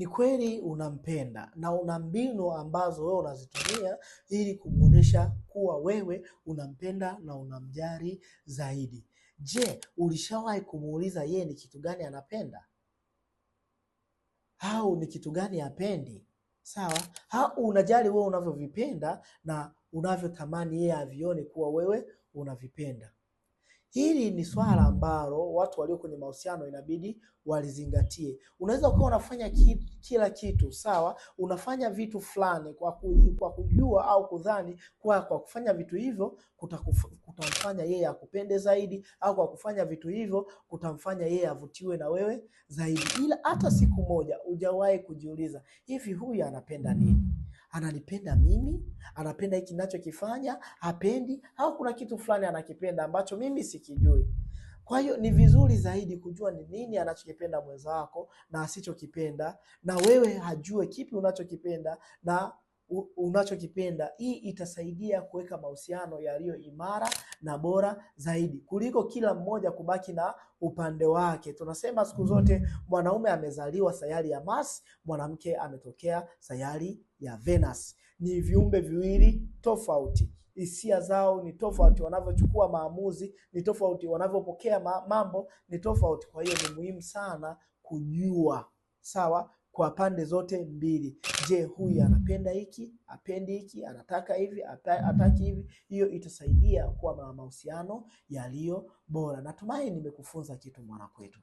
ni kweli unampenda na una mbinu ambazo wewe unazitumia ili kumwonyesha kuwa wewe unampenda na unamjali zaidi. Je, ulishawahi kumuuliza yeye ni kitu gani anapenda au ni kitu gani apendi Sawa, au unajali wewe unavyovipenda na unavyotamani yeye avione kuwa wewe unavipenda. Hili ni swala ambalo watu walio kwenye mahusiano inabidi walizingatie. Unaweza ukawa unafanya kila kitu sawa, unafanya vitu fulani kwa, ku, kwa kujua au kudhani kwa, kwa kufanya vitu hivyo kutamfanya yeye akupende zaidi, au kwa kufanya vitu hivyo kutamfanya yeye avutiwe na wewe zaidi, ila hata siku moja hujawahi kujiuliza hivi, huyu anapenda nini? ananipenda mimi, anapenda hiki ninachokifanya, hapendi au kuna kitu fulani anakipenda ambacho mimi sikijui. Kwa hiyo ni vizuri zaidi kujua ni nini anachokipenda mwenzako na asichokipenda, na wewe hajue kipi unachokipenda na unachokipenda. Hii itasaidia kuweka mahusiano yaliyo imara na bora zaidi kuliko kila mmoja kubaki na upande wake. Tunasema siku zote mwanaume amezaliwa sayari ya Mars, mwanamke ametokea sayari ya Venus. Ni viumbe viwili tofauti, hisia zao ni tofauti, wanavyochukua maamuzi ni tofauti, wanavyopokea mambo ni tofauti. Kwa hiyo ni muhimu sana kujua sawa kwa pande zote mbili. Je, huyu anapenda hiki, apendi hiki, anataka hivi, hataki hivi? Hiyo itasaidia kuwa na mahusiano yaliyo bora. Natumai nimekufunza kitu mwana kwetu.